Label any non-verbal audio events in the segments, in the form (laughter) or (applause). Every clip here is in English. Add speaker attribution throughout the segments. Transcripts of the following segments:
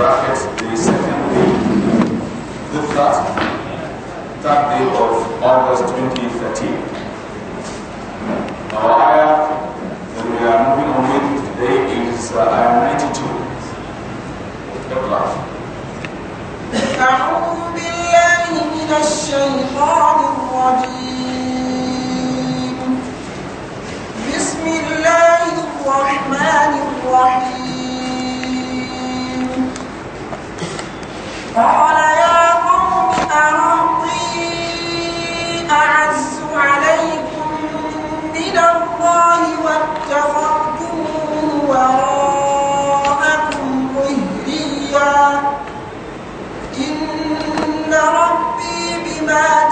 Speaker 1: brackets the second week, the third, third day of August 2013. Our ayah that we are moving on with today is uh, ayah 92. Iqra.
Speaker 2: أعوذ بسم الله الرحمن الرحيم قال يا قوم أرهطي أعز عليكم من الله واتخذتموه وراءكم
Speaker 3: ظهريا
Speaker 2: إن ربي بما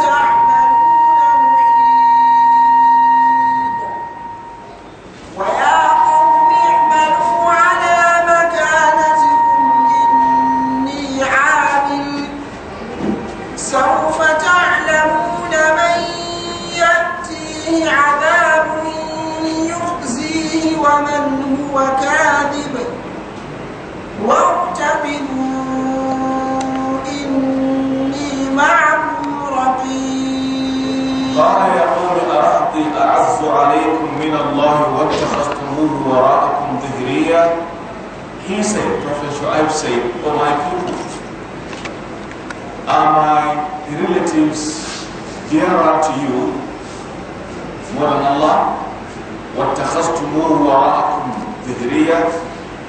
Speaker 1: عليكم من الله واتخذتموه وراءكم ظهريا He said, Prophet Shu'aib said, oh my people, are my relatives dearer to you more than Allah? وَاتَّخَذْتُمُوهُ وَرَاءَكُمْ ظِهْرِيَا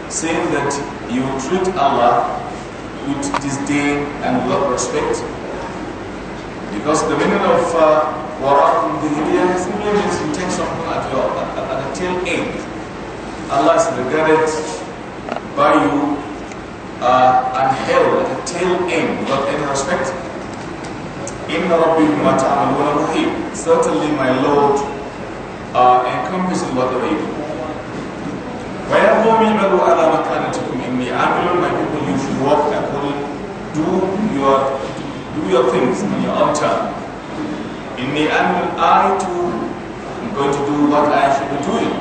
Speaker 1: Saying that you treat Allah with disdain and without respect. Because the meaning of uh, وَرَاكُمْ بِالْبِيَةِ Simply means you take something at your at, the tail end. Allah is regarded by you uh, and held at the tail end without any respect. إِنَّ رَبِّي بِمَا تَعْمَلُونَ مُحِيطٌ Certainly my Lord uh, encompasses whatever you do. وَيَنْظُمِ عِمَلُوا عَلَى مَكَانَتِكُمْ إِنِّي عَامِلٌ My people, you should walk according, do your, do your things in your own time. In the end, I too am going to do what I should be doing.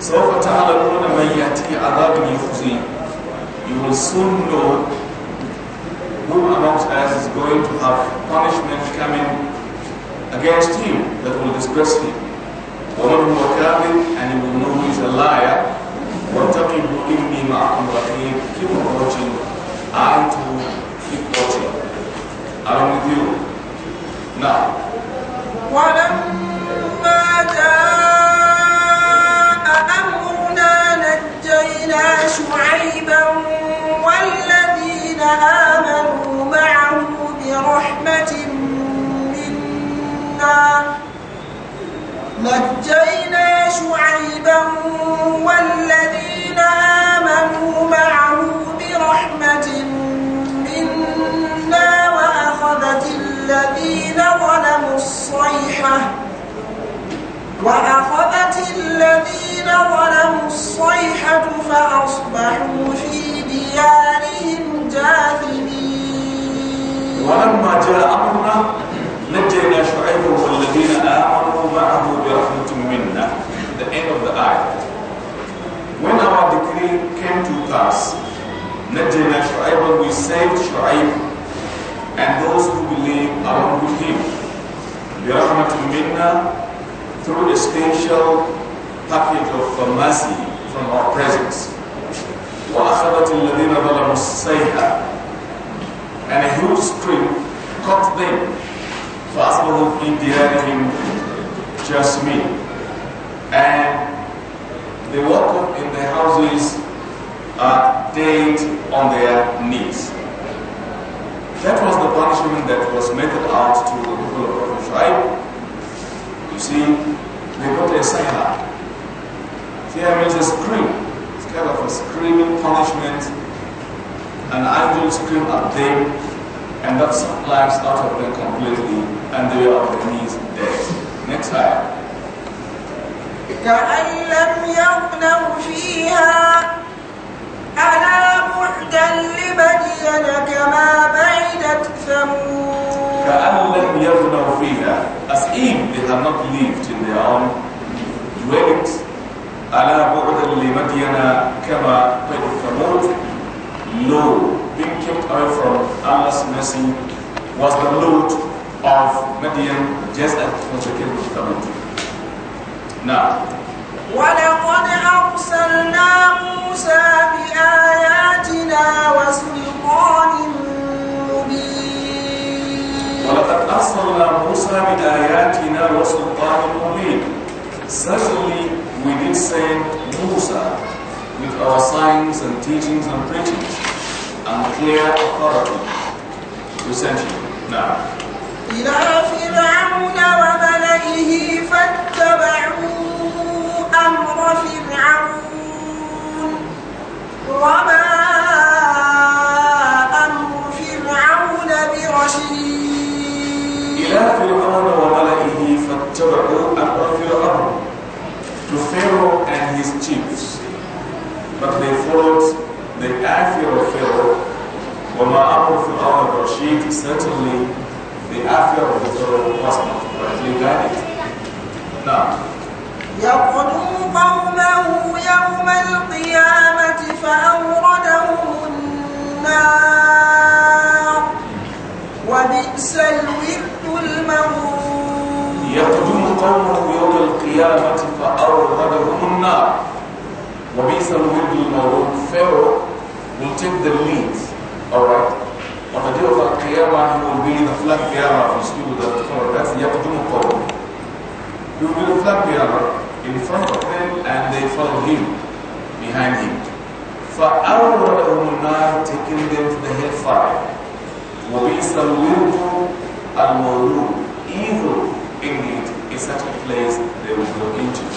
Speaker 1: سوف تعلمون من يأتي عذاب يخزيه You will soon know who amongst us is going to have punishment coming against him that will disgrace him. ومن هو كاذب and you will know who is a liar. واتقوا إني معكم رقيب Keep watching. I too keep watching. I'm with you.
Speaker 2: نعم ولما جاء أمرنا نجينا شعيبا والذين آمنوا معه برحمة منا نجينا شعيبا والذين آمنوا معه برحمة منا الذين ظلموا الصيحة وأخذت الذين ظلموا الصيحة فأصبحوا في ديارهم جاثمين ولما جاء أمرنا
Speaker 1: نجينا شعيب والذين آمنوا معه برحمة منا The end of the ayah When our decree came to pass نجينا شعيب we saved شعيب and those who believe along with him. are coming to Minna, through a special package of mercy from our presence. And a huge stream caught them. فَأَصْبَرُوا فِي دِيَارِهِمْ just me. And they woke up in their houses uh, dead on their knees. That was the punishment that was meted out to the people of Prophet Shu'aib. You see, they got a sayha. Sayha means a scream. It's kind of a screaming punishment. An angel scream at them, and that sucked lives out of them completely, and they are on their knees dead. Next slide.
Speaker 2: كأن لم يغنوا فيها ألا بعدا لمدين كما بعدت ثمود
Speaker 1: كأن لم يغنوا فيها as if they had not lived in their own dwellings على بعدا لمدين كما قد ثمود no being kept away from Allah's mercy was the load of Midian just as it was the case of Thamud. Now,
Speaker 2: ولقد أرسلنا موسى بآياتنا وسلطان مبين
Speaker 1: ولقد أرسلنا موسى بآياتنا وسلطان مبين Certainly we did send Musa with our signs and teachings and preachings and clear authority. We sent him now.
Speaker 2: إلى فرعون وملئه فاتبعوه أمر فرعون وما أمر فرعون برشيد
Speaker 1: إلى فرعون وملئه فاتبعوا أمر فرعون to Pharaoh and his chiefs but they followed the answer of Pharaoh وما أمر فرعون برشيد certainly the affair
Speaker 4: of the Pharaoh was not rightly guided
Speaker 2: now يقدم قومه يوم القيامة فأوردهم النار وبئس الورد المورود
Speaker 1: يقدم قومه يوم القيامة فأوردهم النار وبئس الورد المورود Pharaoh will take the lead alright on the day of Al-Qiyamah he will be the flag bearer of his people that that's يقدم قومه He will be flapped in front of them and they follow him behind him. will not taking them to the hellfire. وبئس الورد المولود. Evil indeed is such a place they will go into.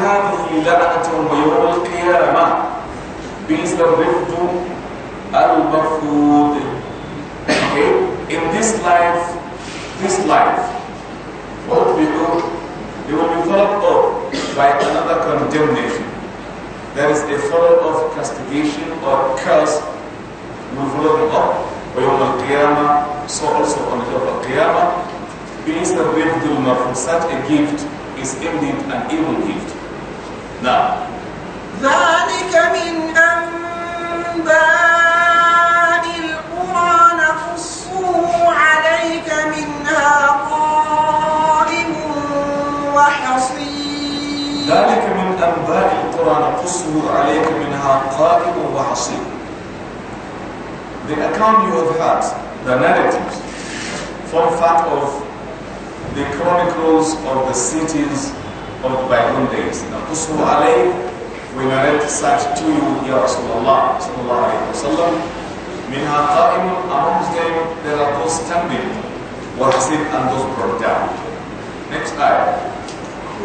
Speaker 1: هذه لعنة ويوم القيامة بئس الرفد المرفوض okay in this life this life what we do they will be followed up by another condemnation there is a follow-up castigation or curse We've will follow them up ويوم القيامة so also on the day of القيامة means the gift of such a gift is indeed an evil gift نعم.
Speaker 2: ذلك من أنباء القرى نقصه عليك منها قائم وحصيد
Speaker 1: ذلك من أنباء القرى نقصه عليك منها قائم وحصيد The account you have had, the narratives, form part of the chronicles of the cities of the bygone days. نقصه alay, we narrate such to you ya رسول الله صلى الله عليه وسلم منها them there are those standing وحسن and those brought
Speaker 3: down. Next ayah.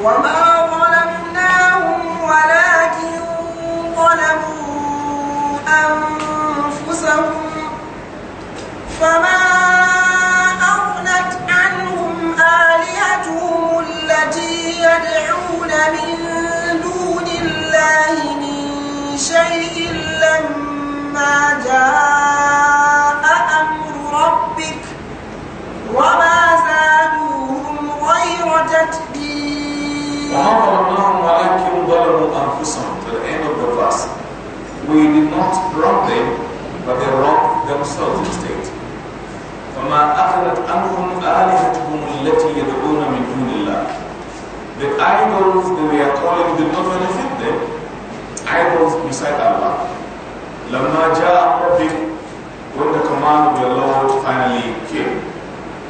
Speaker 3: وما
Speaker 2: ظلمناهم ولكن ظلموا أنفسهم فما يدعون من دون الله من شيء لما جاء أمر ربك وما زادوهم غير تتبير
Speaker 1: ولكن ظلموا أنفسهم to the end of the verse we did not them but they robbed themselves instead فما أخذت عنهم آلهة The idols they were calling did not benefit them. Idols beside Allah. لما جاء when the command of the Lord finally came.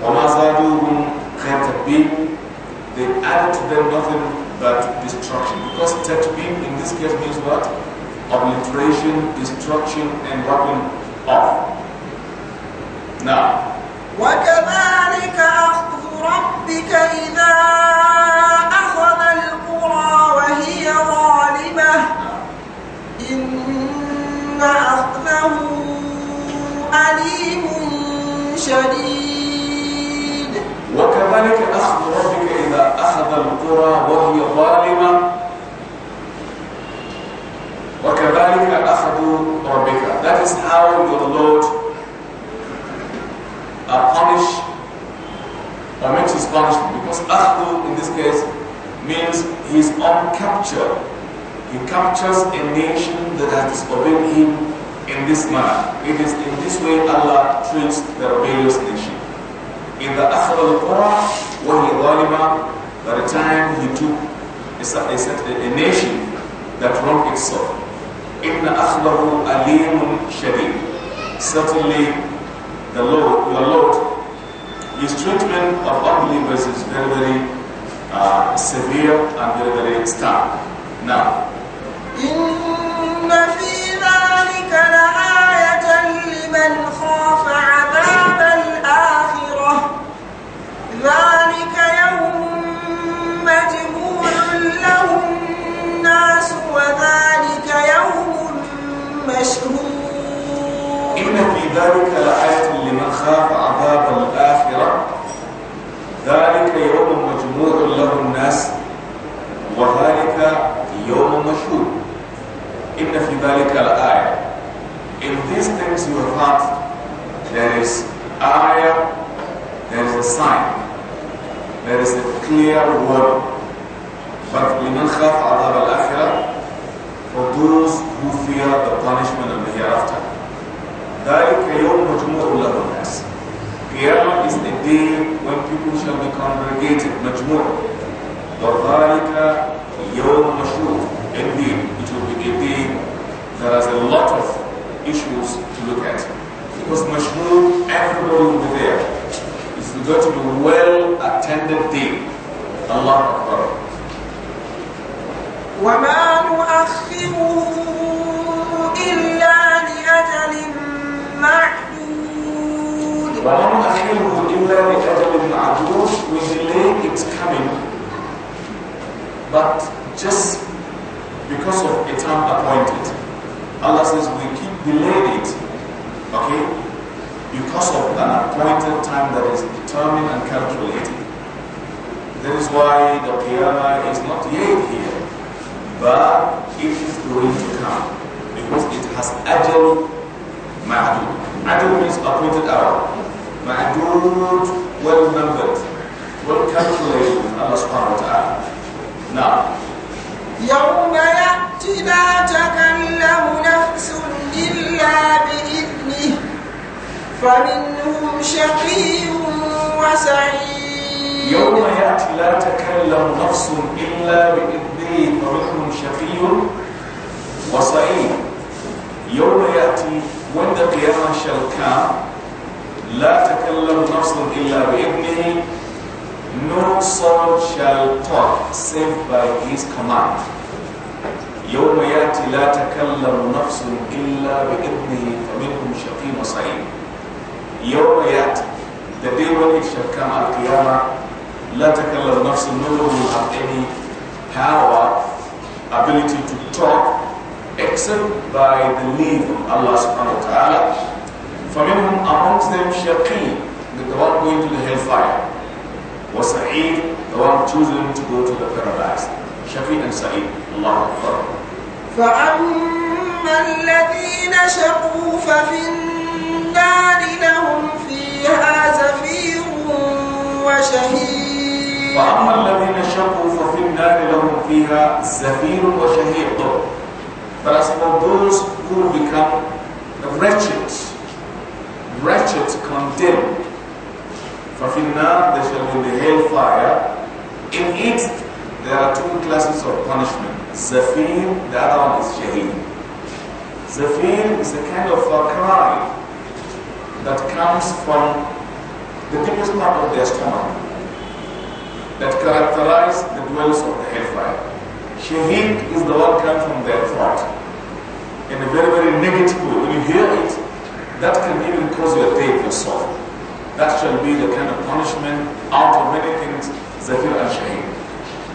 Speaker 1: وما زادوهم غير they added to them nothing but destruction. Because tatbib in this case means what? Obliteration, destruction and rubbing off. Now
Speaker 2: وكذلك أخذ ربك إذا شديد وكذلك أخذ ربك إذا أخذ القرى وهي ظالمة
Speaker 1: وكذلك أخذ ربك That is how your Lord punish or makes his punishment because أخذ in this case means is on capture. He captures a nation that has disobeyed him in this manner. It is in this way Allah treats the rebellious nation. In the Akhbar al Quran, when he dhalima, by the time he took a, a, a nation that wronged itself. In the Akhbaru alimun shadeed. Certainly, the Lord, your Lord, his treatment of unbelievers is very, very uh, severe and very, very stark. Now,
Speaker 2: يخاف عذاب الآخرة ذلك يوم مجموع له الناس وذلك يوم مشهور إن في
Speaker 1: ذلك لآية لمن خاف عذاب الآخرة ذلك يوم مجموع له الناس وذلك يوم مشهور إن في ذلك الآية In these things you have heard There is ayah, there is a sign, there is a clear warning. But لمن خاف عذاب الآخرة for those who fear the punishment of the hereafter. ذلك يوم مجموع له الناس. Qiyamah is the day when people shall be congregated, مجموع. وذلك يوم مشهور. Indeed, it will be a day that has a lot of issues to look at. Because mashmood, everybody will be there. It's going to be a well attended day. Allah Akbar. وما
Speaker 2: نؤخره إلا لأجل
Speaker 3: معدود
Speaker 1: وما نؤخره إلا لأجل معدود We delay its coming but just because of a time appointed. Allah says we keep delaying it Okay? Because of an appointed time that is determined and calculated. That is why the Qiyamah is not yet here, but it is going to come. Because it has ajal ma'adud. Ajal means appointed hour. Ma'adud, well remembered,
Speaker 4: well calculated with Allah subhanahu wa ta'ala. Now,
Speaker 2: يوم يأتي لا تكلم نفس فيها بإذنه فمنهم شقي وسعيد
Speaker 1: يوم يأتي لا تكلم نفس إلا بإذنه فمنهم شقي وسعيد يوم يأتي وند قيام شلكا لا تكلم نفس إلا بإذنه No soul shall talk save by his command. يوم يأتي لا تكلم نفس إلا بإذنه فمنهم شقي وسعيد يوم يأتي the day when it shall come al qiyamah لا تكلم نفس no one will have any power ability to talk except by the leave of Allah subhanahu wa ta'ala فمنهم amongst them شقي the one going to the hellfire وسعيد the one choosing to go to the paradise شفيعا سعيد الله أكبر
Speaker 2: فأما الذين شقوا ففي النار لهم فيها زفير وشهيق
Speaker 1: وأما الذين شقوا ففي النار لهم فيها زفير وشهيق But as for those who become wretched, wretched, condemned, ففي النار they shall be in the hellfire. In it There are two classes of punishment. Zafim, the other one is Shaheed. Zafim is a kind of a cry that comes from the deepest part of their stomach that characterize the dwellers of the hellfire. Shaheed is the one coming from their throat in a very, very negative way. When you hear it, that can even cause your death yourself. That shall be the kind of punishment out of many things, Zafir and Shaheed.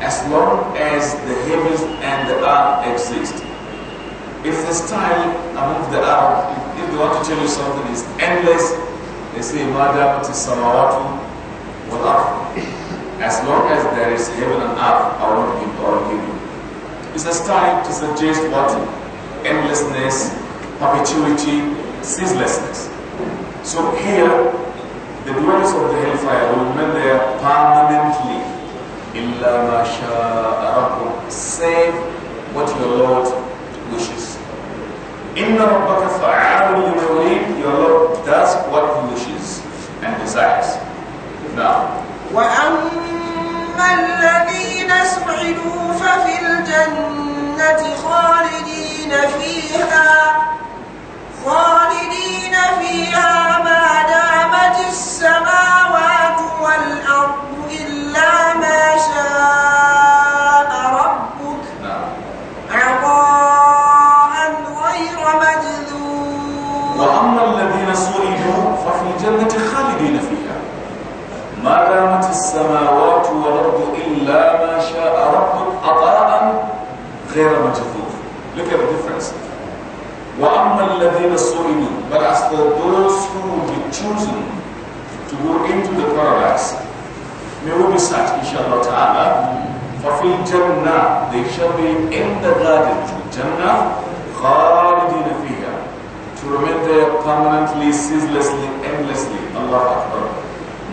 Speaker 1: as long as the heavens and the earth exist. If the style among the earth, if they want to tell you something is endless, they say, Madam, it is Samawatu, As long as there is heaven and earth, I want give all born you. It's a style to suggest what? Endlessness, perpetuity, ceaselessness. So here, the dwellers of the hellfire will remain there permanently. إلا ما شاء ربك save what your Lord wishes إن ربك فعال لما يريد your Lord does what he wishes and desires
Speaker 2: now نعم. وأما الذين سعدوا ففي الجنة خالدين فيها
Speaker 4: research, inshallah ta'ala. فَفِي
Speaker 1: Jannah, They shall be in the garden, Jannah, the فِيهَا To remain there permanently, ceaselessly, endlessly. Allah Akbar.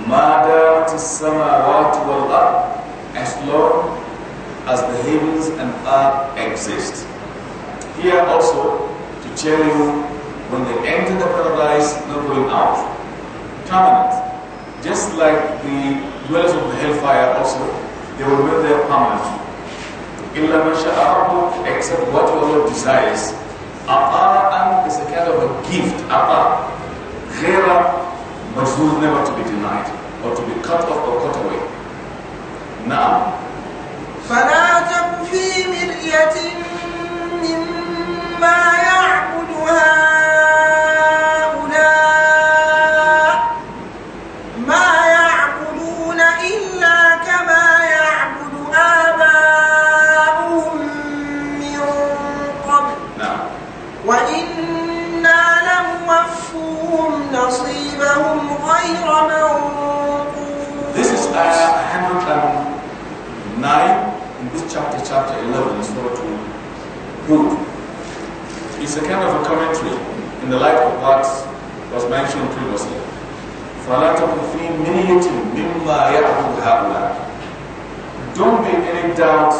Speaker 1: مَا دَامَتِ السَّمَاوَاتُ وَالْأَرْضِ As long as the heavens and earth exist. Here also, to tell you, when they enter the paradise, not going out. Permanent. Just like the dwellers of the hellfire also, they will live there permanently. إِلَّا مَنْ شَاءَ رَبُّ Except what your Lord desires. Ata'an is a kind of a gift. Ata. Ghera, but who's never to be denied, or to be cut off or cut away. Now.
Speaker 2: فَلَا تَكْ فِي مِرْيَةٍ مِّمَّا يَعْبُدُ هَذَا
Speaker 1: 9 in this chapter, chapter 11, is not to Hud. It's a kind of a commentary in the light of what was mentioned previously. هَؤُلَاءِ Don't be in any doubt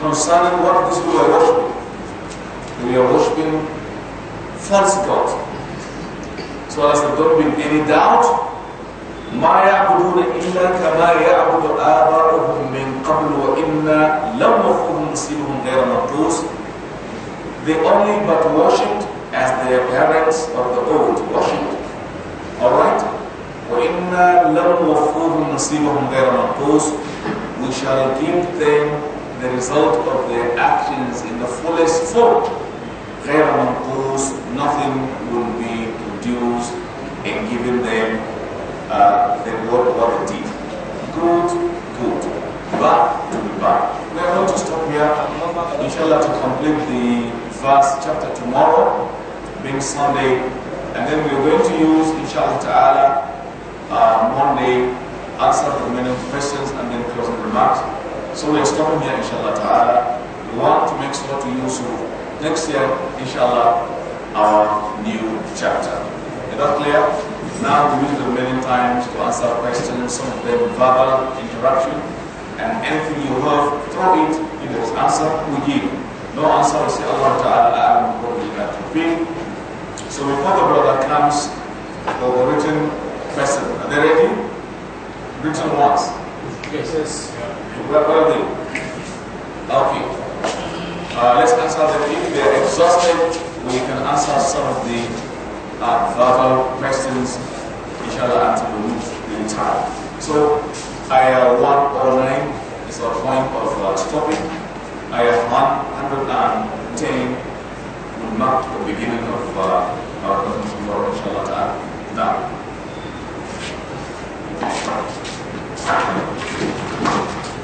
Speaker 1: concerning what this people are worshipping. We are worshipping false gods. So as to don't be in any doubt ما يعبدون إلا كما يعبد آباؤهم من قبل وإنا لم نخذ مسلمهم غير مقدوس They only but worshipped as their parents of the old worshipped. Alright? وإنا لم نوفوهم نصيبهم غير منقوص We shall give them the result of their actions in the fullest form. غير منقوص Nothing will be produced in giving them the uh, word what they did. Good, good. Bad, to be bad. We are going to stop here. Inshallah to complete the first chapter tomorrow, being Sunday. And then we are going to use, inshallah ta'ala, uh, Monday, answer the remaining questions and then closing remarks. So we are stopping here, inshallah ta'ala. We want to make sure to use next year, inshallah, our new chapter. Is that clear? Now we use the remaining time to answer questions, some of them verbal interaction, and anything you have, throw it. If there is answer, we give. No answer, we say Allah Ta'ala, I'm going to So before the brother comes, will the written question, are they ready? Written ones. Yes, yes. Where are they? Okay. Uh, let's answer them. If they're exhausted, we can answer some of the uh, ah, verbal questions, other until we meet in time. So, Ayah 109 is our point of uh, stopping. Ayah 110 will mark the beginning of uh, our conference tomorrow, inshallah. Now. Thank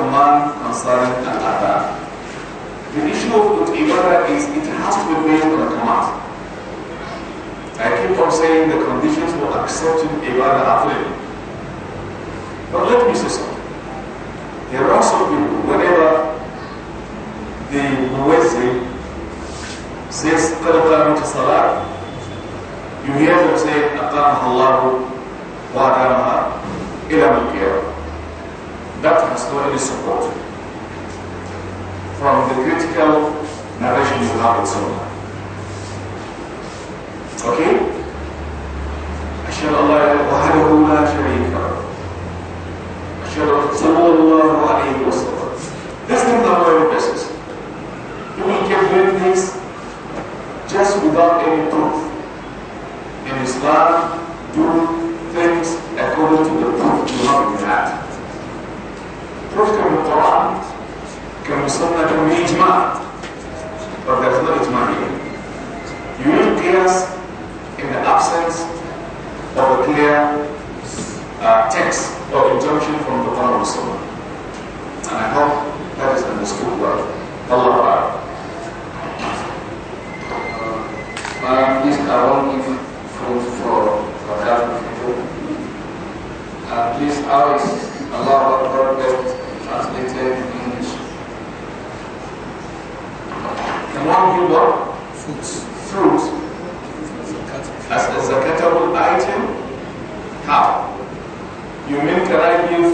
Speaker 1: command concerning an The issue of ibadah is it has to be based on a command. I keep on saying the conditions for accepting ibadah are failing. But let me say something. There are some people, whenever the muezzin says, Qadqamu to salah, you hear them say, "Allahu." supported from the critical narration you have in Okay? أشهد أن لا إله وحده لا شريك له أشهد أن صلى الله عليه وسلم This thing we You will get rid of this just without any proof. In Islam, do things according to the proof you have in your hand. Prophet Quran there's no here you will guess in the absence of a clear uh, text or injunction from the Quran and Sunnah and
Speaker 4: I hope that is understood well Allah Akbar uh, please I won't for that people uh, please always Allah Akbar best translated in English.
Speaker 1: The one you bought fruit. fruit as a zakatable item, how? You mean can I give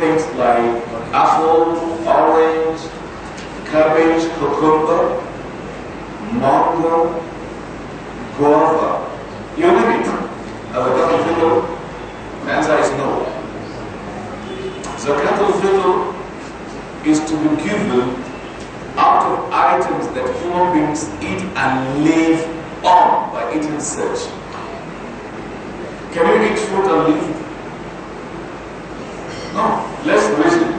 Speaker 1: things like apple, orange, cabbage, cucumber, mango, guava? You name it. As a cattle fiddle, the answer is no. Zakatul fiddle is to be given out of items that human beings eat and live on by eating such. Can we eat fruit and live? No. Let's reason.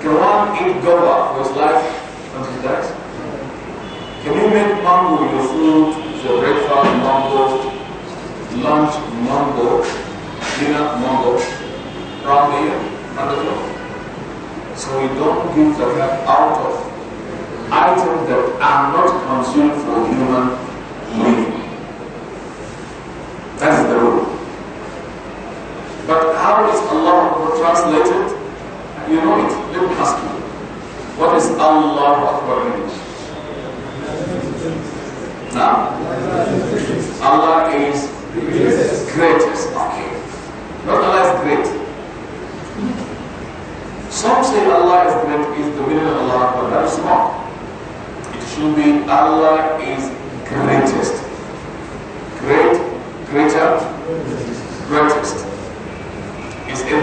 Speaker 1: Can one eat guava for his life until Can you make mango your food for breakfast, mango, lunch, mango, dinner, mango, round the year, the so we don't give help out of items that are not consumed for human living. That's the rule. But how is Allah translated? You know it. Let me ask you. What is Allah Akbar in
Speaker 3: Now, Allah is
Speaker 1: greatest. Okay. Not the last great. Some say Allah is great is the winner of Allah, but that is not. It should be Allah is greatest. Great, greater, greatest. Is in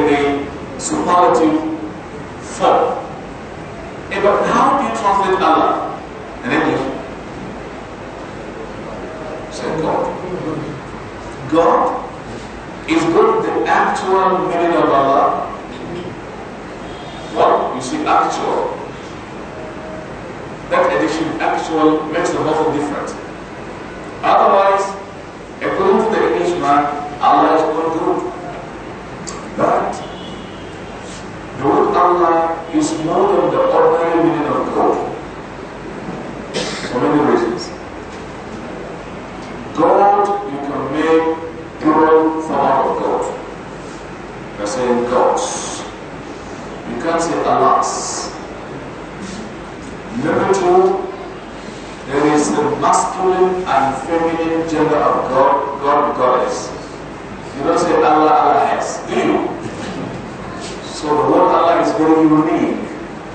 Speaker 1: the superlative form. Hey, eh, but how do you translate Allah in English? Say God. God is both the actual meaning of Allah why? You see, actual. That addition, actual, makes a lot of difference. Otherwise, according to the Englishman, Allah is not good. But the word Allah is more than the ordinary meaning of God. For many reasons. God, you can make plural form of God. By saying gods. You can't say alas. Number two, there is the masculine and feminine gender of God, God goddess. You don't say Allah, Allah has, do you? So the word Allah is very unique,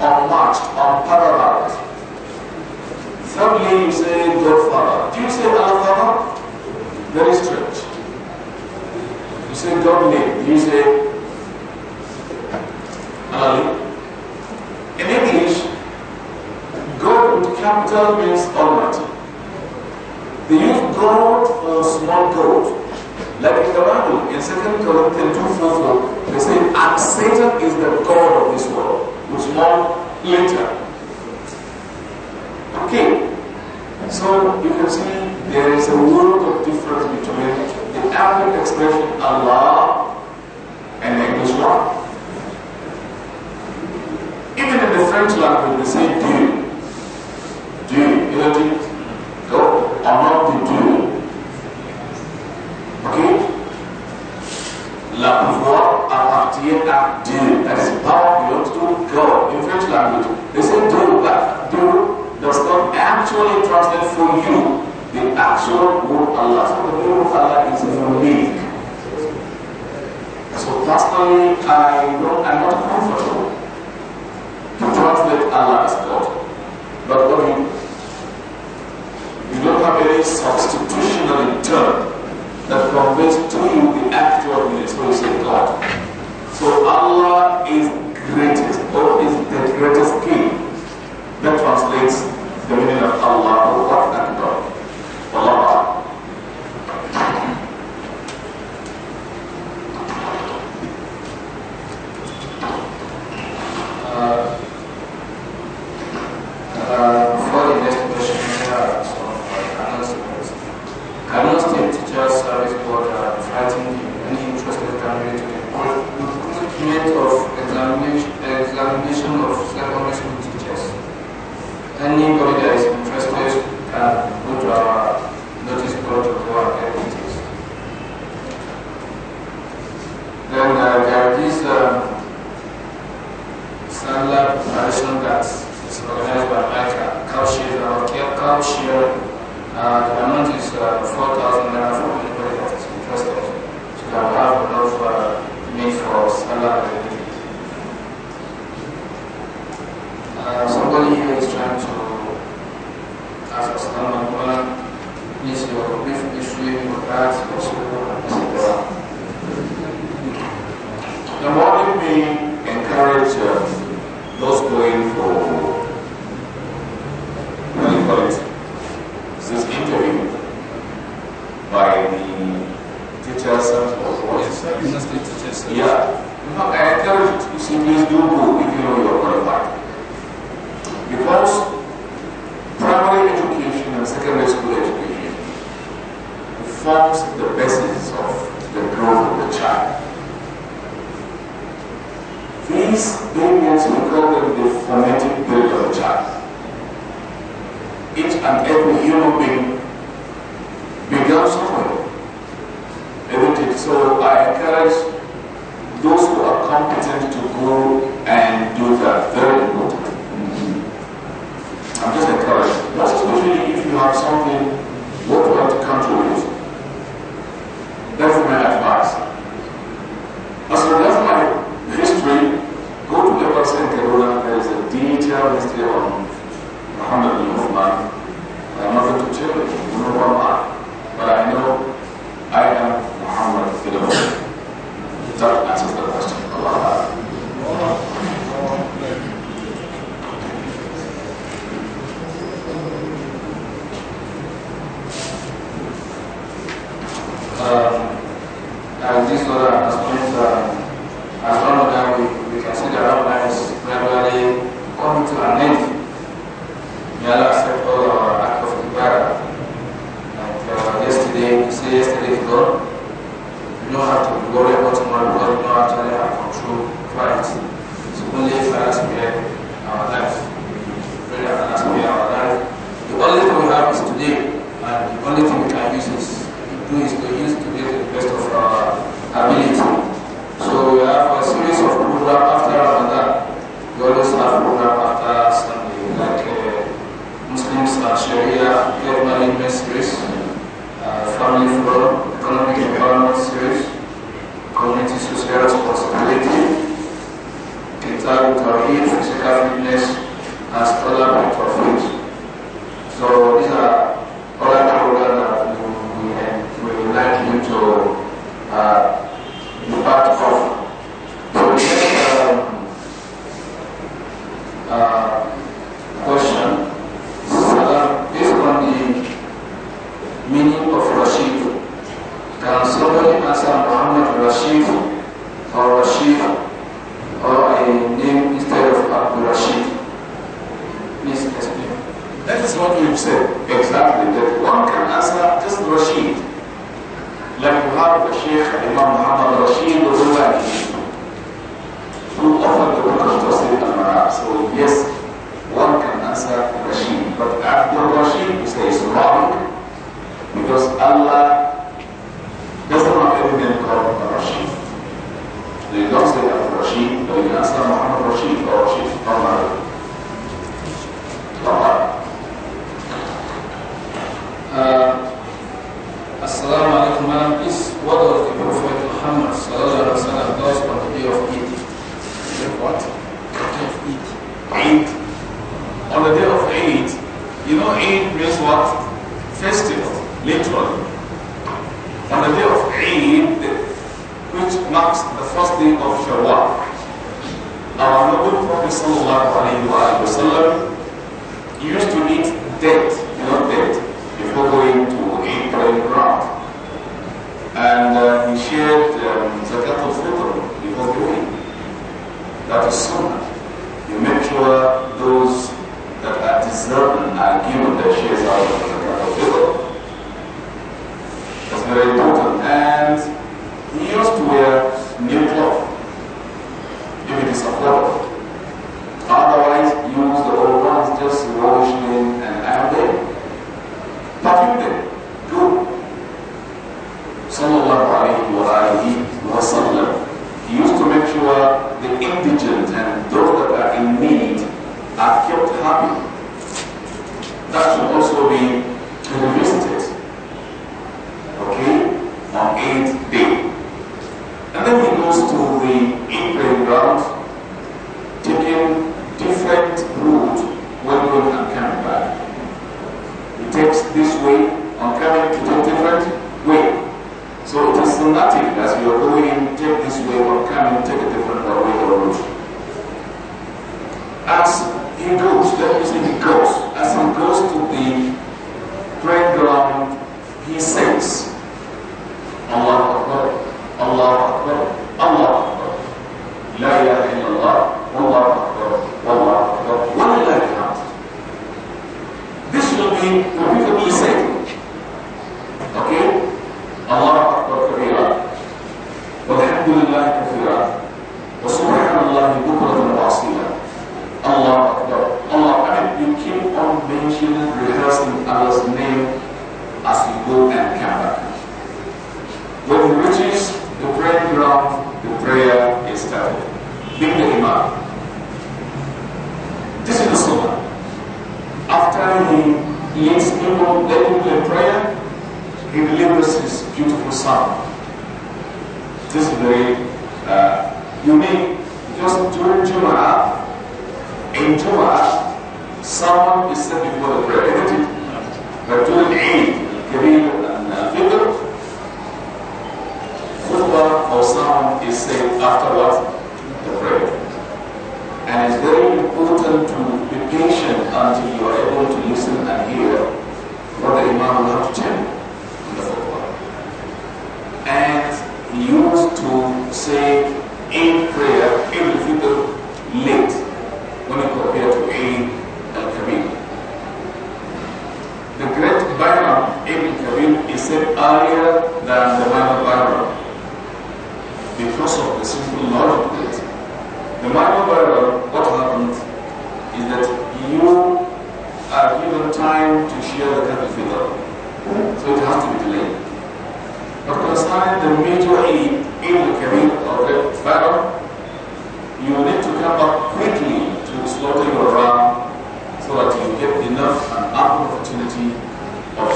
Speaker 1: unmatched, unparalleled. Thirdly, you say Godfather. Do you say Godfather? Very strange. You say God name. Do you say um, in English, God with capital means Almighty. They use God for small God. Like in the Bible, in 2 Corinthians 2 4, 4 they say, And Satan is the God of this world, with small letter.
Speaker 3: Okay. So you can see there is a world of difference between the Arabic expression Allah and the English one. the language, they say you know isn't it? Go, I'm not the Dieu. Okay? La pouvoir appartient
Speaker 4: à Dieu. That is power belongs to God. In French language, they say Dieu, but do does not actually translate for you the actual word Allah. So the word of Allah is unique. So personally, I don't, I'm not comfortable
Speaker 1: to translate Allah as God. But what we you don't have any substitutional term that conveys to you the actual meaning. So you say God. So Allah is greatest or is the greatest king. That translates the meaning of Allah or what that
Speaker 4: concernant quoi bien
Speaker 3: those going for you
Speaker 1: This interview by the teachers teachers. Yeah. I encourage You do if you know your forms the basis of the growth of the child. These periods, we call them the formative period of the child. Each and every human being begins somewhere. it? So I encourage those who are competent to go and do that. Very important. I'm just encouraged. especially if you have something
Speaker 4: have global interest risks, family flow, economic environment risks, community social responsibility, integral career, physical fitness, and stellar profit. So these are all the programs that we, we, we would like you to uh, be part of. So we have um, uh, question. meaning of Rashid. Can somebody answer
Speaker 1: Muhammad Rashid or Rashid or a name instead of Abdul Rashid? Please explain. That is what we've said. Exactly. That one can answer just Rashid. Like we have the Sheikh Imam Muhammad Rashid Rulani, who offered the Quran to Sayyid Amara. So yes,
Speaker 4: one can answer Rashid. But Abdul Rashid is wrong. Because Allah doesn't want every man called Rashid. So you don't say Abdul Rashid, but you can Muhammad Rashid or Rashid Omar. Uh, Assalamu alaikum, madam. Please, what does the Prophet Muhammad sallallahu alaihi wasallam does on the day of Eid? what? The day of Eid. Eid. On the day
Speaker 1: of Eid, you know Eid means what? Festival literally. On the day of Eid, which marks the first day of Shawwal, our noble Prophet وسلم, used to eat date, not date, before going to Eid prayer, ground. And uh, he shared um, zakat al-fitr before going. That is sunnah. You make sure those that are deserving are given their
Speaker 3: shares out of the zakat al-fitr. It's very important. And
Speaker 1: we used to wear new cloth, if it is affordable. Otherwise, use the old ones, just wash them and iron them. Perfume them. Good. Sallallahu alayhi wa alihi wa sallam. He used to make sure the indigent and those that are in need are kept
Speaker 3: happy. That should also be
Speaker 1: except earlier than the man of Aaron because of the simple law of this. The man of Aaron, what happened is that you are given time to share the capital, so it has to be delayed. But concerning the major aid in the career of the battle, you need to come up quickly to slaughter your ram so that you get enough and ample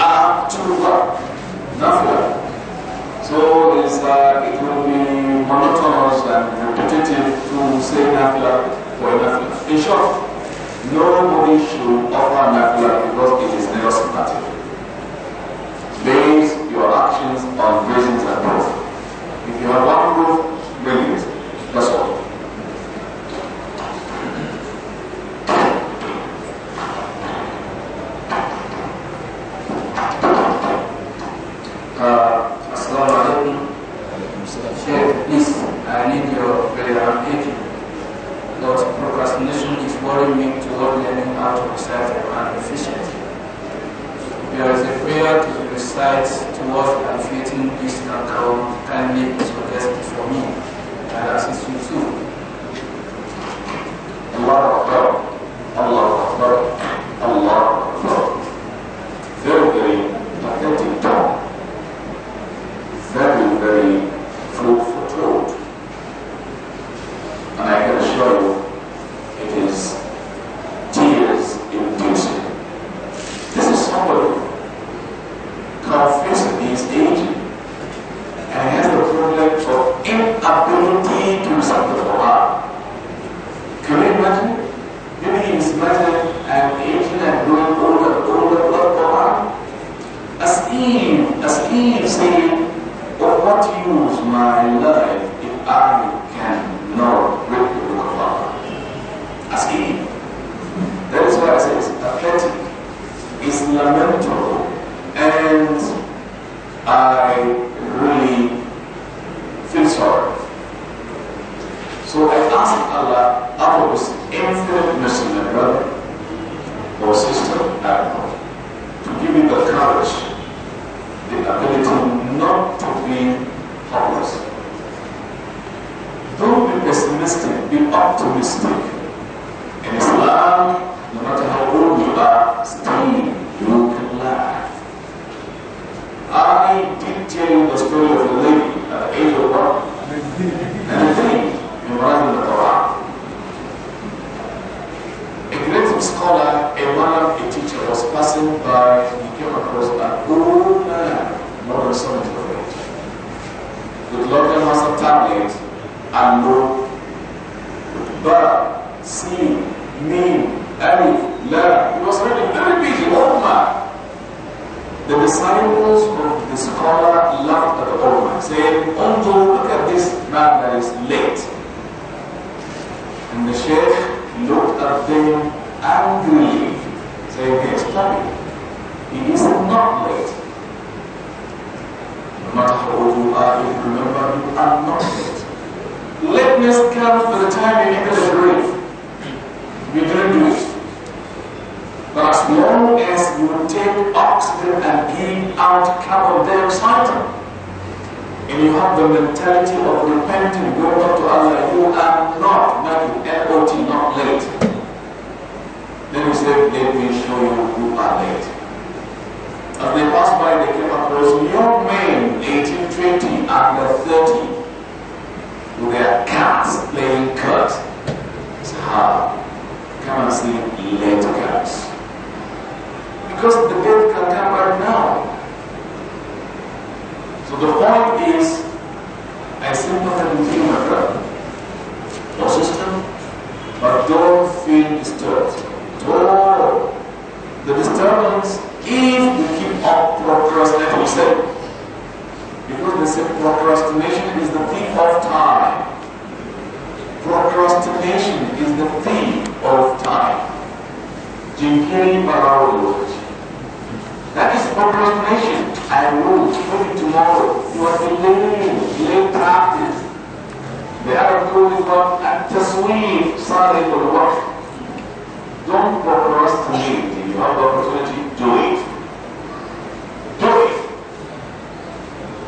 Speaker 3: actual nafla. So it's,
Speaker 1: it will be monotonous and repetitive to say nothing for nothing. In short, nobody should offer nothing because it is never sympathetic. Base your actions on reasons and proof. If you have one proof, bring it. That's all.
Speaker 4: learning to learn learning out of sight and efficient. There is a prayer to recite to us and fitting this and how kindly is your guest for me and assist you too. Allah Akbar. Allah
Speaker 1: 30, We were cats playing cards. It's hard. Come and see later cards. Because the death can come right now. So the point is, I sympathize with you, my brother. Your sister.
Speaker 3: But don't feel disturbed. Don't. The disturbance
Speaker 1: procrastination
Speaker 3: is the thief of time. Procrastination is the
Speaker 1: thief of time. Jinkiri Barawoji. That is procrastination. I will, maybe tomorrow. You are delaying, delaying practice. The Arab code is what? at for the al Don't procrastinate. If you have the
Speaker 3: opportunity, do it.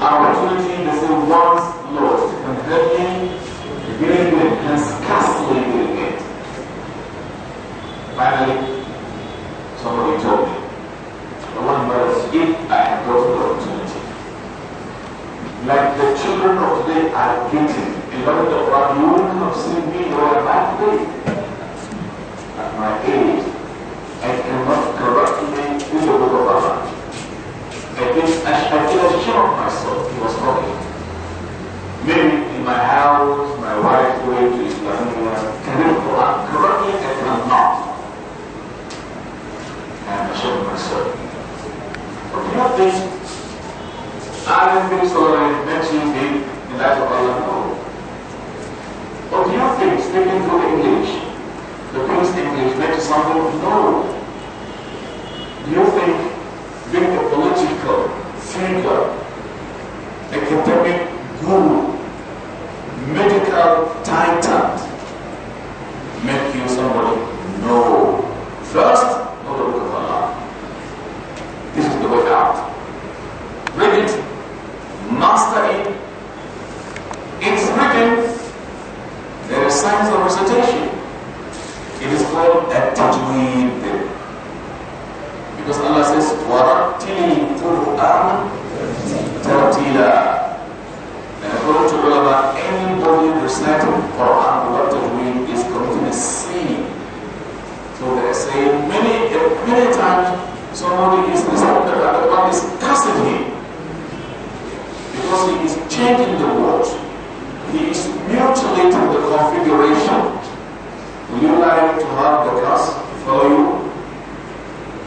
Speaker 3: opportunity to see once lost, to companion, to get with, and scarcely doing it. Finally, somebody told me, the one
Speaker 1: brothers, if I have got the opportunity, like the children of today are getting, in order to run, you wouldn't have seen me where I'm at At my age, I cannot correctly with the book of Allah. I think I, I myself. He was talking. Maybe in my house, my wife going to Islamia, can we Quran? Quran I cannot not. And I shocked myself. But you know this, I didn't think so when I mentioned the,
Speaker 3: the life of Allah. No. But you know speaking taken from English,
Speaker 1: the things English meant something? No. Do you think being a political figure, academic guru, medical titan, make you somebody? No. First, no the book of This is the way out. Read it, master it. It's written. There is signs of recitation. time someone is distracted and the one is cursing him. Because he is changing the world. He is mutilating the configuration. Would you like to have the curse follow you?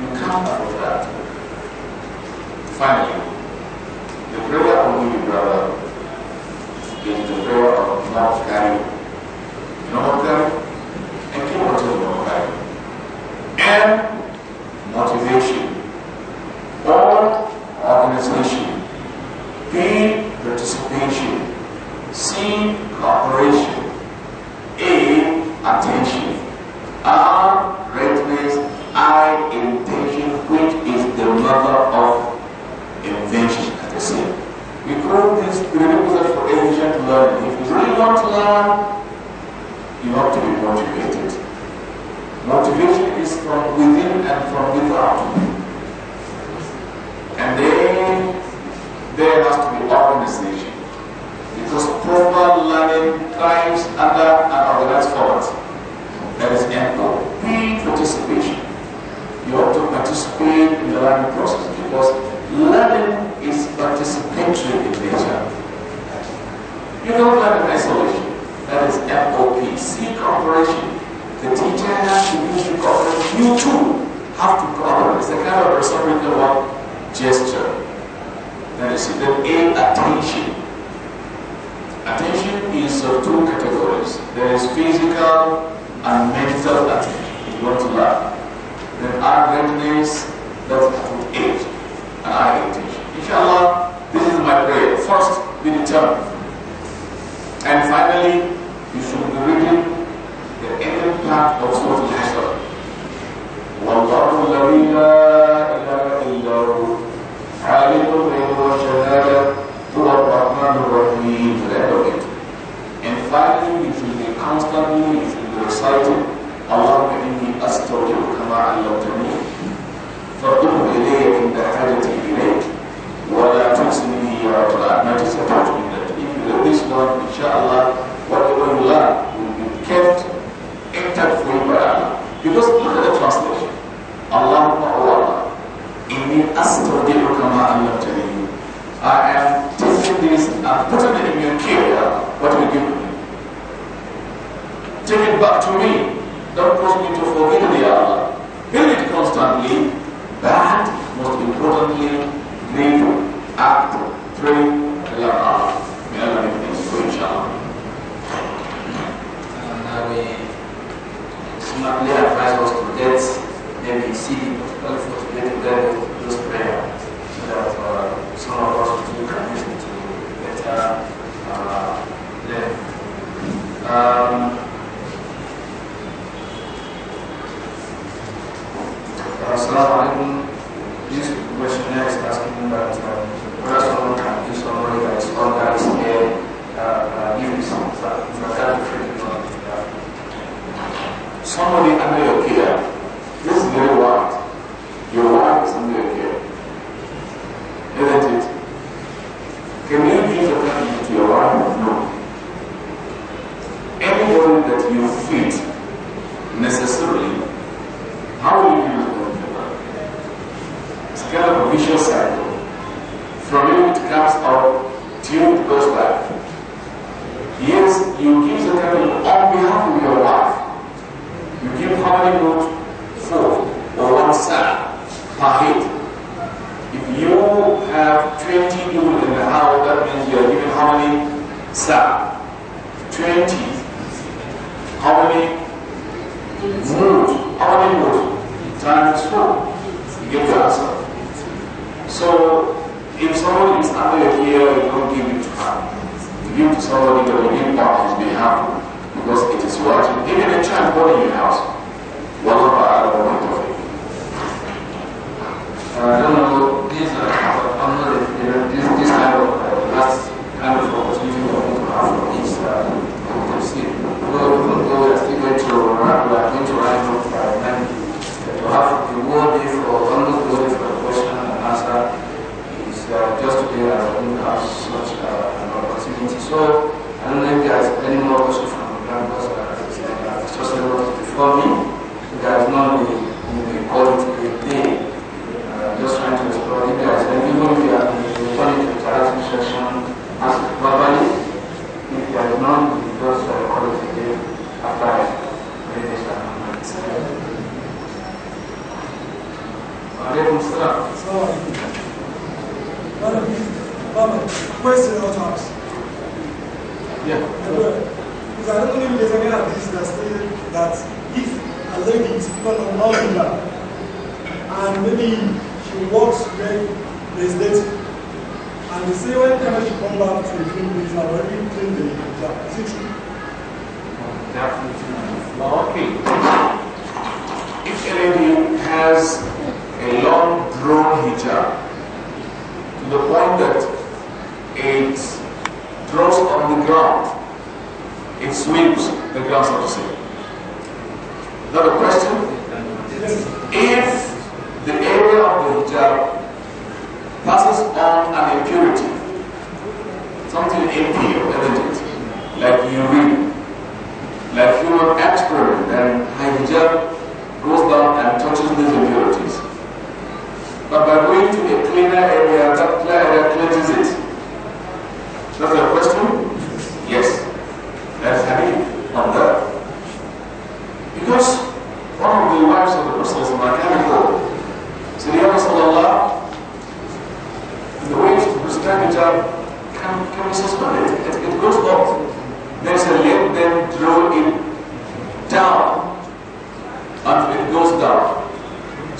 Speaker 1: You can't afford that. Finally, the prayer of you, brother, is the prayer of love. not forgive me, it constantly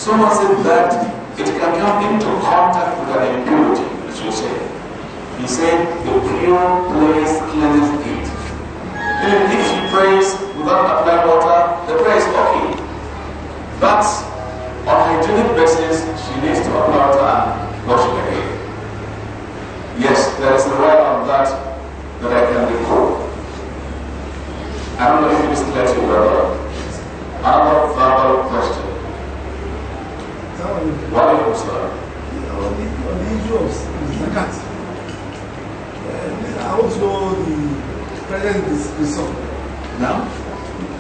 Speaker 1: Someone said that it can come into contact with an impurity, as you say. He said, the pure place
Speaker 3: cleanses it. Even if he prays without applying water, the prayer is okay. But on hygienic basis, she needs to apply water and wash it hair. Yes, there is a way on that that I
Speaker 1: can recall. I don't know if it is clear to you, brother. Another verbal question. Why was that? the issue of zakat, uh, I also the present result. Now?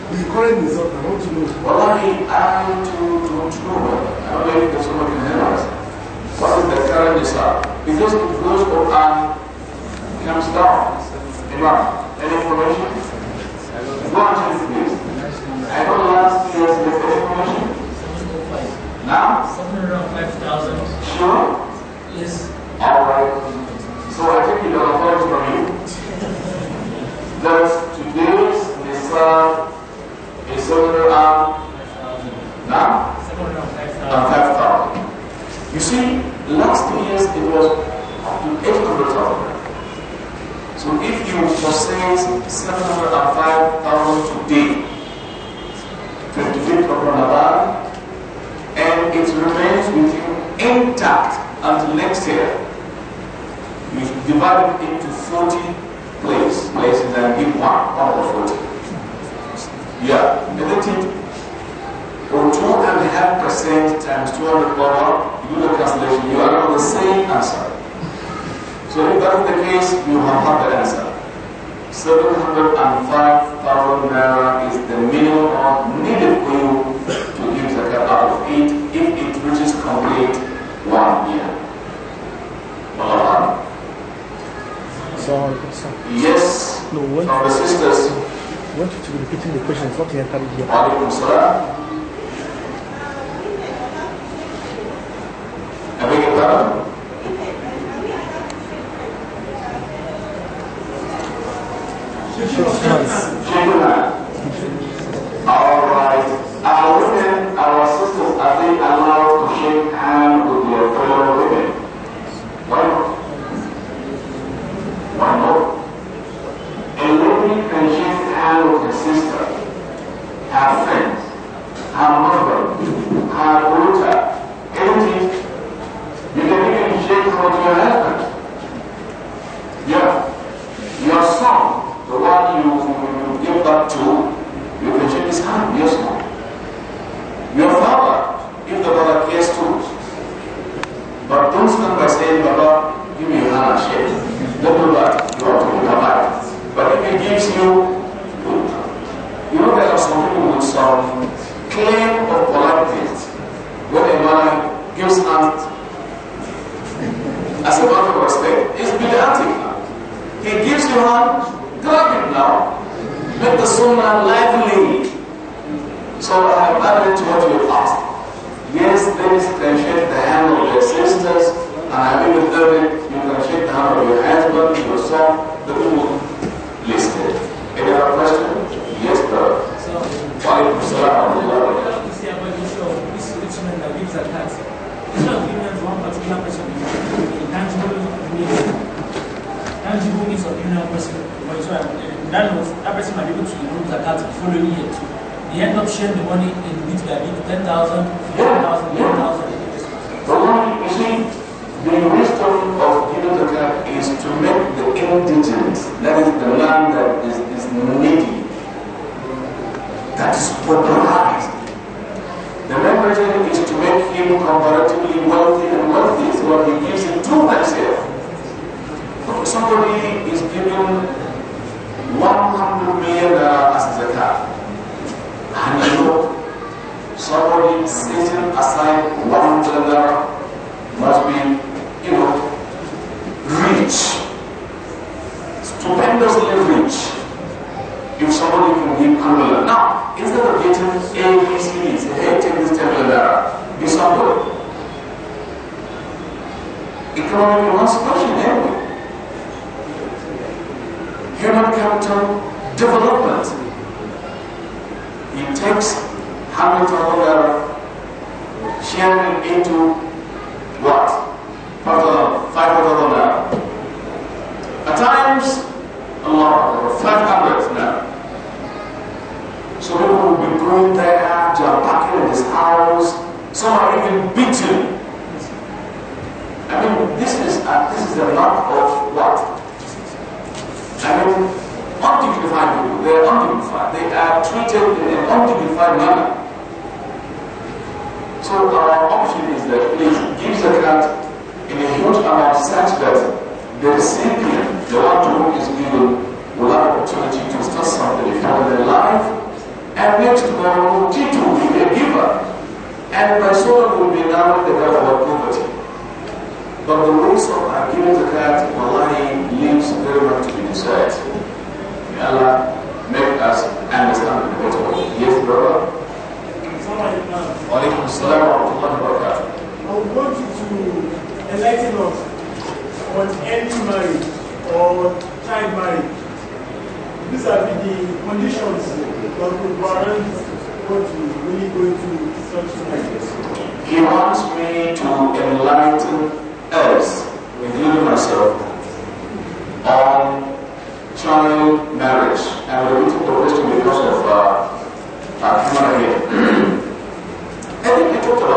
Speaker 1: The current result, I want to know. don't What is the current result? Because it goes up and comes down. Imam, any information? Go and I don't last year's information. Now? Somewhere around 5,000. Sure? Yes. Alright. So I take it on authority from you that today's Nissan is somewhere around 5,000. Now? Somewhere around 5,000. 5,000. You see, last two years it was up to 800,000. So if you possess 705,000
Speaker 3: today, 25th of Ramadan, it remains with you intact
Speaker 1: until next year. You divide it into 40 places, places and give one, one of the 40. Yeah, it. or two and a half percent times 200 power, you do the calculation, you are on the same answer. So if that is the case, you have had the answer. 705,000 naira is the minimum needed
Speaker 2: فقه خارجية عليكم
Speaker 1: السلام
Speaker 3: comparatively wealthy and wealthy
Speaker 1: is what he gives in two himself. somebody is given 100 million naira as zakat, and you know somebody setting aside 100 naira must be, you know, rich, stupendously
Speaker 3: rich if somebody can give one hundred, Now, instead of getting A,
Speaker 1: B, C, it's a take this table it's not good. Economic loss budget, have we? Human capital development. It takes having to order sharing into what? Five dollar, five now. At times, a lot, or five hundred now. So people will be going there, they are packing in this house, some are even beaten. I mean, this is a, uh, this is a lot of what? I mean, undignified people. They are undignified. They are treated in an undignified manner. So our option is that please give the cat in a huge amount such that the recipient, the one to whom is given, will have opportunity to start something for their life and next tomorrow, Tito will be a giver. And my soul will be now the God of poverty. But the rules of giving zakat, wallahi, leaves very much to be desired. May Allah make us understand the better way. Yes, brother? Alaikum salam wa rahmatullahi wa barakatuh.
Speaker 3: I want you to
Speaker 1: enlighten us on any marriage or child marriage. These are the conditions that would warrant he wants me to enlighten us, including myself, on child marriage. And we're to do this because of uh, uh, human (clears throat) I think we talked about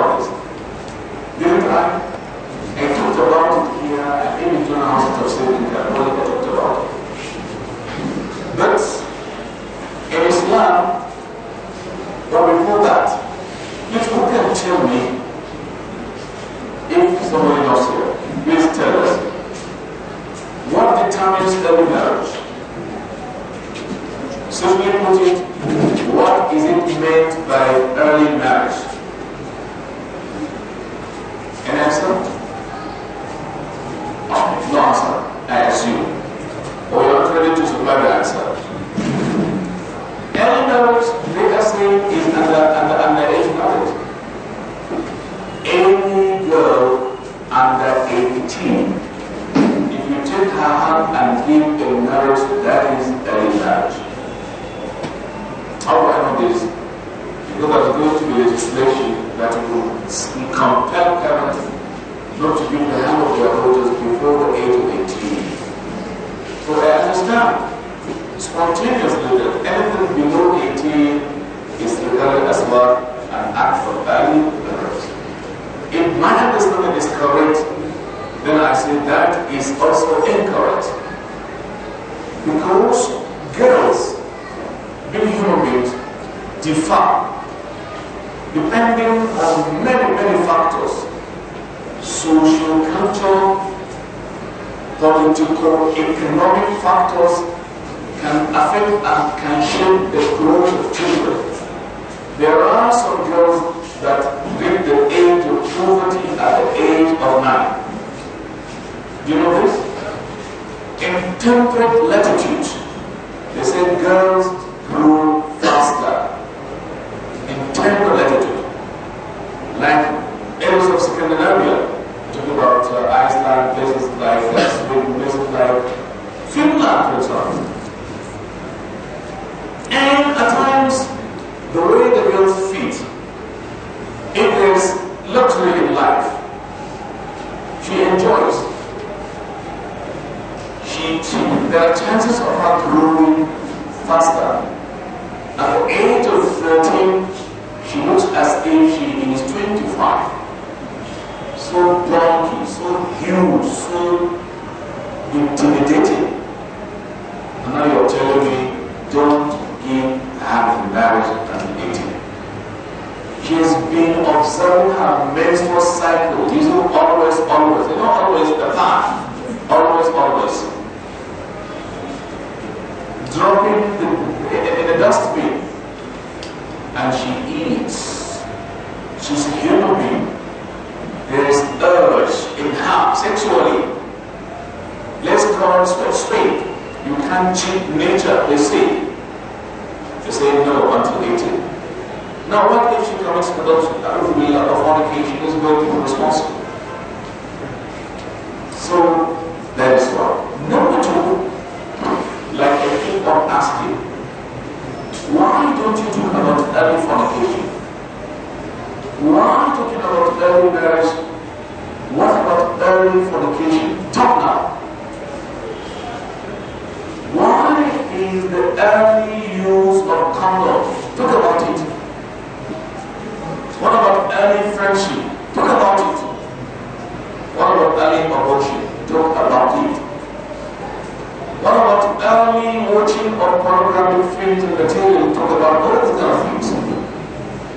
Speaker 1: in life. She enjoys. She, she, there are chances of her growing faster.
Speaker 4: At the age of 13, she looks as if she is 25. So bulky, so
Speaker 1: huge, so intimidating.
Speaker 3: And now you're telling me, don't give her embarrassment she has been observing her menstrual
Speaker 1: cycle. You know, always, always. You always the path. Always, always. Dropping the, in the dustbin. And she eats. She's a human being. There is urge in her sexually. Let's call it speak. You can't cheat nature, they say. They say no until 18. Now, what if she commits adultery? Arufully, or fornication is going to be responsible. So, that is one. Number two, like I keep on asking, why don't you talk about early fornication? Why talking about early marriage? What about early fornication? Talk now. Why is the early use of condom? Talk about it. What about early friendship? Talk about it. What about early abortion? Talk about it. What about early watching of pornographic films and material? Talk about all these kind of things.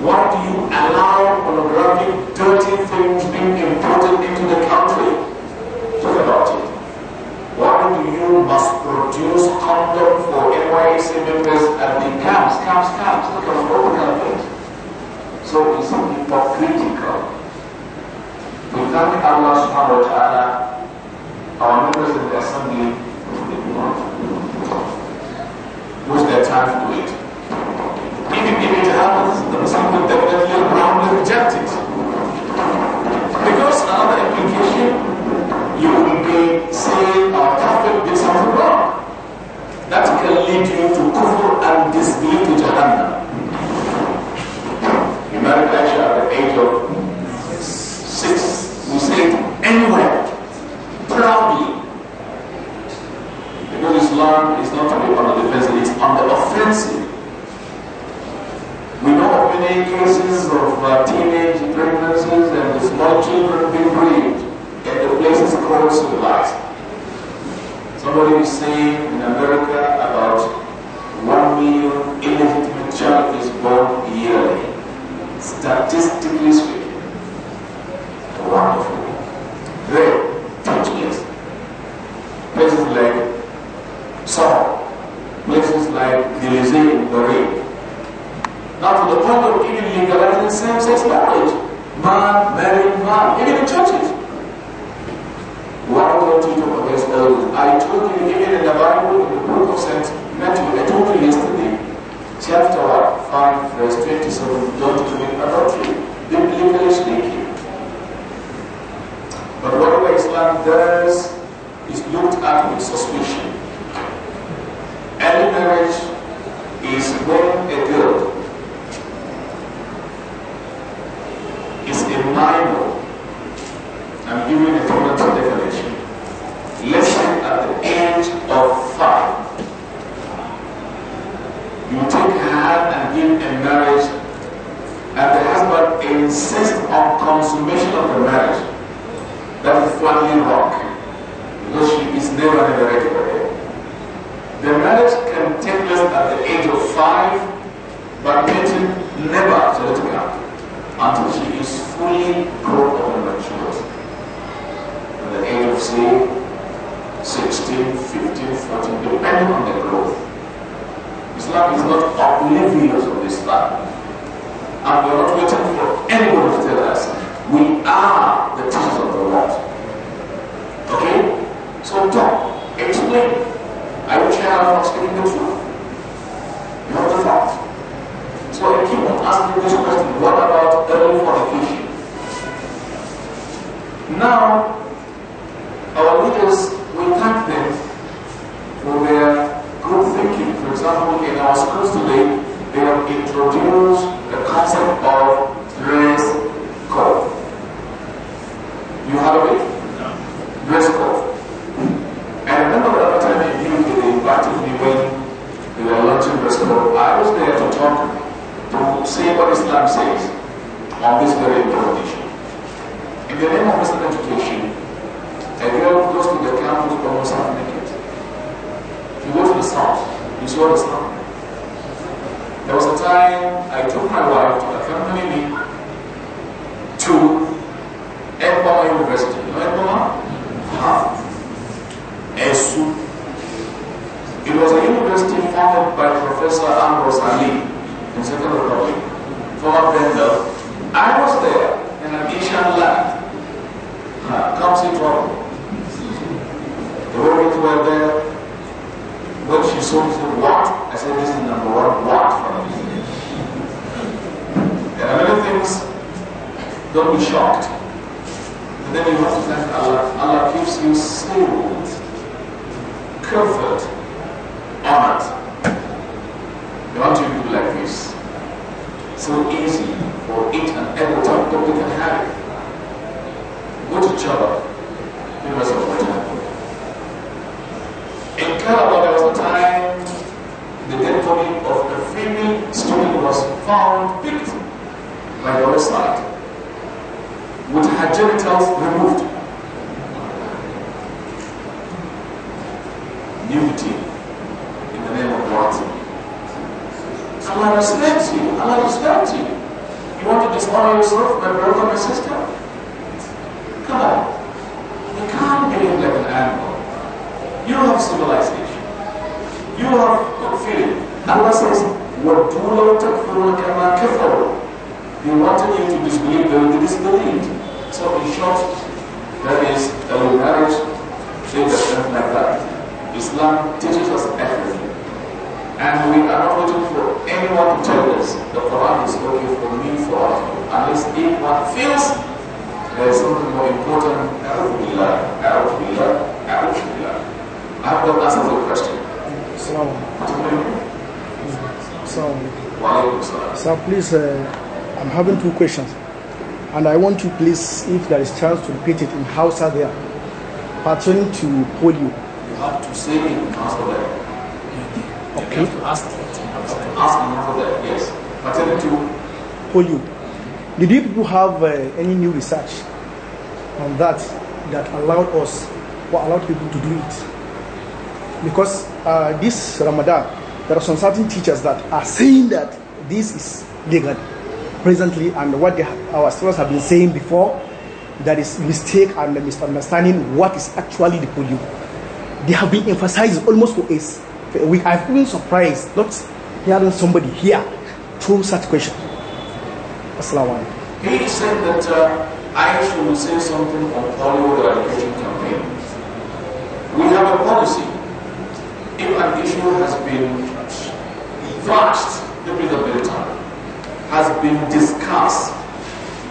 Speaker 1: Why do you allow pornographic, dirty things being imported into the country? Talk about it. Why do you must produce condom for NYC members at the camps, camps, camps? Talk about all kinds of things. So it's hypocritical to
Speaker 3: thank Allah subhanahu wa ta'ala, our members in the assembly,
Speaker 4: with their time to it.
Speaker 1: Even if it happens, the Muslim would definitely roundly reject it. Because another implication, you will be saying our Prophet did something wrong. That can lead you to kufr and disbelief to Jahannam. animal. You don't have civilization.
Speaker 2: You don't have
Speaker 1: feeling. Allah says, وَدُّوا لَوْ تَكْفُرُونَ كَمَا كَفَرُوا They wanted you to disbelieve, but you disbelieved. So in short, that is a marriage thing that's nothing like that. Islam teaches us everything. And we are not waiting for anyone to tell us the Quran is okay for me, for us. Unless anyone feels there is something more important, out of Allah, out of Allah. I have not answered your question.
Speaker 2: So, so please, uh, I'm
Speaker 1: having two questions. And I want you, please, if there is chance, to repeat it in house Hausa there, pertaining to polio. You have to say it in house there. Okay. You have to ask, ask for that, yes. Pertaining to polio. Did you people have uh, any new research on that that allowed us or allowed people to do it. Because uh, this Ramadan, there are some certain teachers that are saying that this is legal presently and what they, our students have been saying before, that is mistake and misunderstanding what is actually the polio. They have been emphasized almost for us. We have been surprised not hearing somebody here through such question. Assalamu alaikum. He said that uh, I should say something on Hollywood or education we have a policy. If an issue has been thrashed, the rehabilitation has been discussed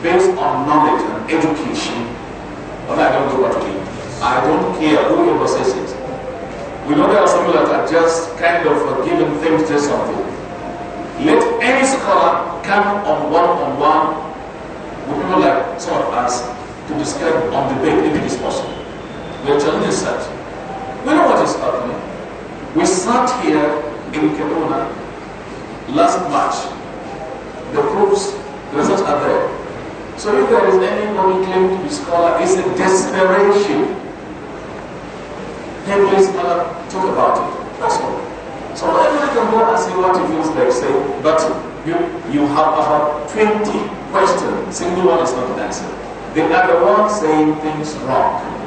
Speaker 1: based on knowledge and education, but I don't know what I don't care who oversees it. We know there are some that are just kind of giving things to something. Let any scholar come on one-on-one -on -one with people like some of us to discuss on the big if it is possible. We are challenging such. You know what is happening? We sat here in Kaduna last March. The proofs, the results are there. So if there is anybody claiming to be scholar, it's a desperation. Then please
Speaker 4: uh, talk about it. That's all. So everyone can go and see what it feels like, say,
Speaker 1: but you, you have about 20 questions, single one is not an answer. They are the one saying things wrong.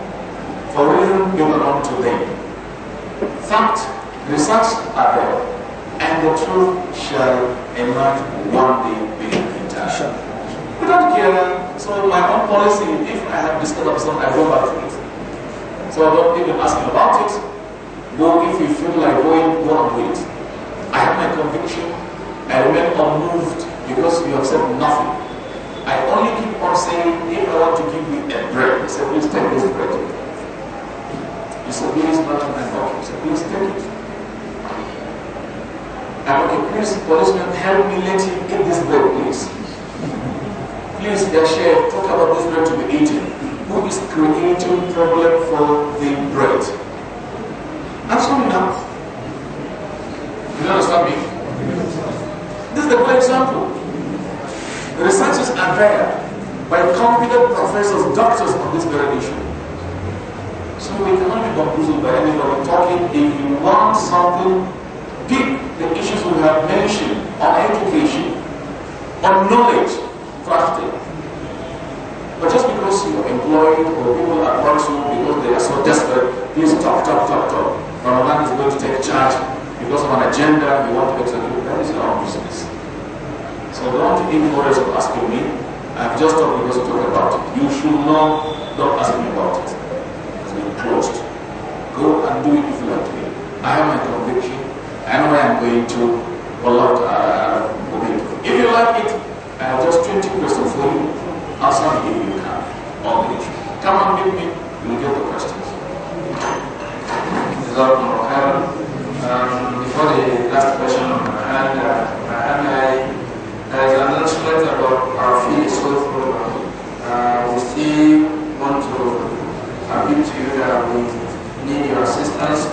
Speaker 1: For فويل يوم unto them. Fact, research abroad, and the truth shall emerge one day being entire. We don't care. So my own policy, if I have discovered something, I go back to it. So I don't even ask about it. Go if you feel like going, go and do it. I have my conviction. I remain unmoved because you have said nothing. I only keep on saying, if I want to give you a break, I say, please take this break. "Please man and God. He said, please take it. And okay, please, policeman, help me let him eat this bread, please. Please, dear share, talk about this bread to be eaten. Who is creating problem for the bread? I'm sorry now. You understand me? This is the good example. The researchers are there by competent professors, doctors on this very issue.
Speaker 3: So we cannot be conclusive by any of talking. If you want something, pick the issues we have mentioned on education, on knowledge, crafting.
Speaker 1: But just because you are employed or people are you because they are so desperate, please talk, talk, talk, talk. Ramadan is going to take charge because of an agenda you want to execute. That is your own business. So don't ignore us asking me. i have just talking because you talk about it. You should know, don't ask me about it been closed. Go and do it if you want to. I have my conviction. I know where I'm going to. Allah uh, to. If you like it, I have just 20 questions for you. Answer me if you can. All the issue. Come and meet me. You will get the questions.
Speaker 4: Um, before the last question on my hand, have an announcement about our
Speaker 3: fees. So, uh, uh, we still want to i to uh, need your assistance